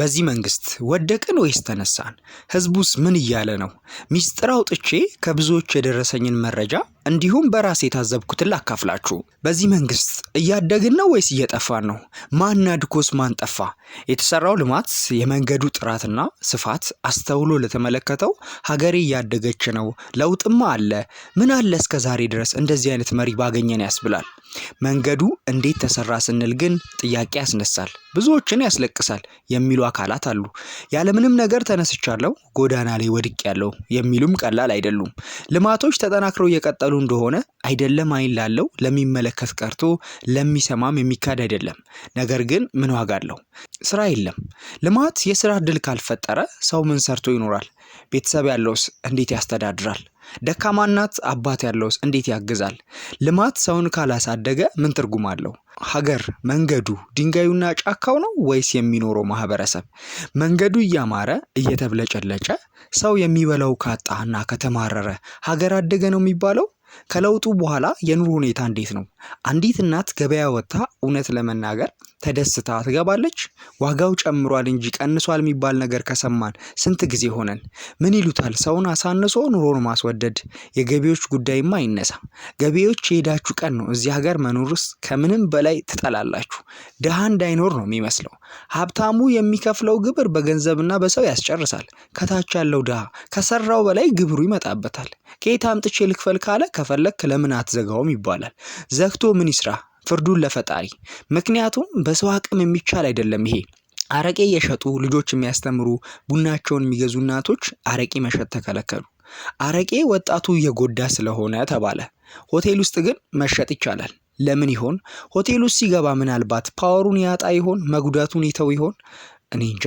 በዚህ መንግስት ወደቅን ወይስ ተነሳን? ህዝቡስ ምን እያለ ነው? ሚስጥር አውጥቼ ከብዙዎች የደረሰኝን መረጃ እንዲሁም በራሴ የታዘብኩትን ላካፍላችሁ። በዚህ መንግስት እያደግን ነው ወይስ እየጠፋን ነው? ማን አድኮስ ማን ጠፋ? የተሰራው ልማት፣ የመንገዱ ጥራትና ስፋት አስተውሎ ለተመለከተው ሀገሬ እያደገች ነው፣ ለውጥማ አለ፣ ምን አለ እስከ ዛሬ ድረስ እንደዚህ አይነት መሪ ባገኘን ያስብላል። መንገዱ እንዴት ተሰራ ስንል ግን ጥያቄ ያስነሳል ብዙዎችን ያስለቅሳል የሚሉ አካላት አሉ። ያለምንም ነገር ተነስቻለሁ ጎዳና ላይ ያለው የሚሉም ቀላል አይደሉም። ልማቶች ተጠናክረው እየቀጠሉ እንደሆነ አይደለም አይን ላለው ለሚመለከት ቀርቶ ለሚሰማም የሚካድ አይደለም። ነገር ግን ምን ዋጋ አለው? ስራ የለም። ልማት የስራ እድል ካልፈጠረ ሰው ምን ሰርቶ ይኖራል? ቤተሰብ ያለውስ እንዴት ያስተዳድራል? ደካማ እናት አባት ያለውስ እንዴት ያግዛል? ልማት ሰውን ካላሳደገ ምን ትርጉም አለው? ሀገር መንገዱ ድንጋዩና ጫካው ነው ወይስ የሚኖረው ማህበረሰብ? መንገዱ እያማረ እየተብለጨለጨ ሰው የሚበላው ካጣና ከተማረረ ሀገር አደገ ነው የሚባለው? ከለውጡ በኋላ የኑሮ ሁኔታ እንዴት ነው? አንዲት እናት ገበያ ወጥታ እውነት ለመናገር ተደስታ ትገባለች? ዋጋው ጨምሯል እንጂ ቀንሷል የሚባል ነገር ከሰማን ስንት ጊዜ ሆነን። ምን ይሉታል? ሰውን አሳንሶ ኑሮን ማስወደድ። የገቢዎች ጉዳይማ አይነሳ። ገቢዎች የሄዳችሁ ቀን ነው እዚህ ሀገር መኖርስ ከምንም በላይ ትጠላላችሁ። ድሃ እንዳይኖር ነው የሚመስለው። ሀብታሙ የሚከፍለው ግብር በገንዘብና በሰው ያስጨርሳል። ከታች ያለው ድሃ ከሰራው በላይ ግብሩ ይመጣበታል። ከየት አምጥቼ ልክፈል ካለ ከፈለክ ለምን አትዘጋውም ይባላል። ዘግቶ ምን ይስራ? ፍርዱን ለፈጣሪ። ምክንያቱም በሰው አቅም የሚቻል አይደለም ይሄ አረቄ እየሸጡ ልጆች የሚያስተምሩ ቡናቸውን የሚገዙ እናቶች አረቄ መሸጥ ተከለከሉ። አረቄ ወጣቱ እየጎዳ ስለሆነ ተባለ። ሆቴል ውስጥ ግን መሸጥ ይቻላል። ለምን ይሆን? ሆቴል ውስጥ ሲገባ ምናልባት ፓወሩን ያጣ ይሆን? መጉዳቱን ይተው ይሆን? እኔ እንጃ።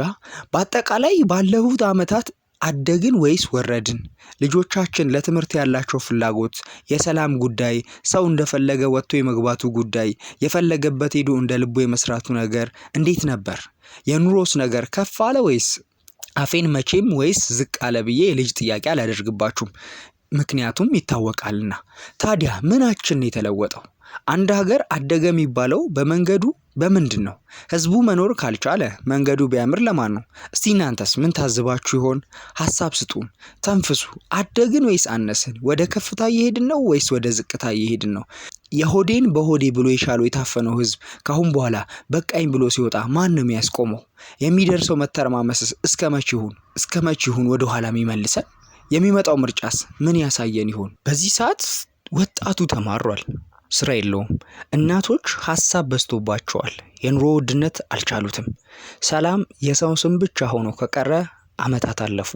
በአጠቃላይ ባለፉት ዓመታት አደግን ወይስ ወረድን? ልጆቻችን ለትምህርት ያላቸው ፍላጎት፣ የሰላም ጉዳይ፣ ሰው እንደፈለገ ወጥቶ የመግባቱ ጉዳይ፣ የፈለገበት ሄዶ እንደ ልቡ የመስራቱ ነገር እንዴት ነበር? የኑሮስ ነገር ከፍ አለ ወይስ አፌን መቼም ወይስ ዝቅ አለ ብዬ የልጅ ጥያቄ አላደርግባችሁም። ምክንያቱም ይታወቃልና። ታዲያ ምናችን የተለወጠው? አንድ ሀገር አደገ የሚባለው በመንገዱ በምንድን ነው? ህዝቡ መኖር ካልቻለ መንገዱ ቢያምር ለማን ነው? እስቲ እናንተስ ምን ታዝባችሁ ይሆን? ሀሳብ ስጡን፣ ተንፍሱ። አደግን ወይስ አነስን? ወደ ከፍታ እየሄድን ነው ወይስ ወደ ዝቅታ እየሄድን ነው? የሆዴን በሆዴ ብሎ የሻለው የታፈነው ህዝብ ካሁን በኋላ በቃኝ ብሎ ሲወጣ ማን ነው የሚያስቆመው? የሚደርሰው መተረማመስስ እስከ መች ይሁን? እስከ መች ይሁን ወደ ኋላ የሚመልሰን? የሚመጣው ምርጫስ ምን ያሳየን ይሆን? በዚህ ሰዓት ወጣቱ ተማሯል። ስራ የለውም። እናቶች ሀሳብ በዝቶባቸዋል የኑሮ ውድነት አልቻሉትም። ሰላም የሰው ስም ብቻ ሆኖ ከቀረ አመታት አለፉ።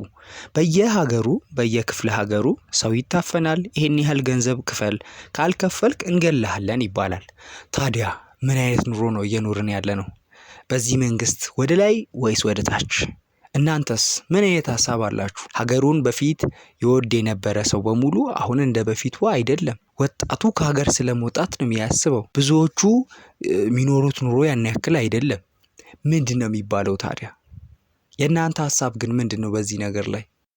በየሀገሩ በየክፍለ ሀገሩ ሰው ይታፈናል ይሄን ያህል ገንዘብ ክፈል ካልከፈልክ እንገላሃለን ይባላል። ታዲያ ምን አይነት ኑሮ ነው እየኖርን ያለነው? በዚህ መንግስት ወደ ላይ ወይስ ወደ ታች እናንተስ ምን አይነት ሀሳብ አላችሁ? ሀገሩን በፊት ይወድ የነበረ ሰው በሙሉ አሁን እንደ በፊቱ አይደለም። ወጣቱ ከሀገር ስለመውጣት ነው የሚያስበው። ብዙዎቹ የሚኖሩት ኑሮ ያን ያክል አይደለም። ምንድን ነው የሚባለው ታዲያ? የእናንተ ሀሳብ ግን ምንድን ነው በዚህ ነገር ላይ?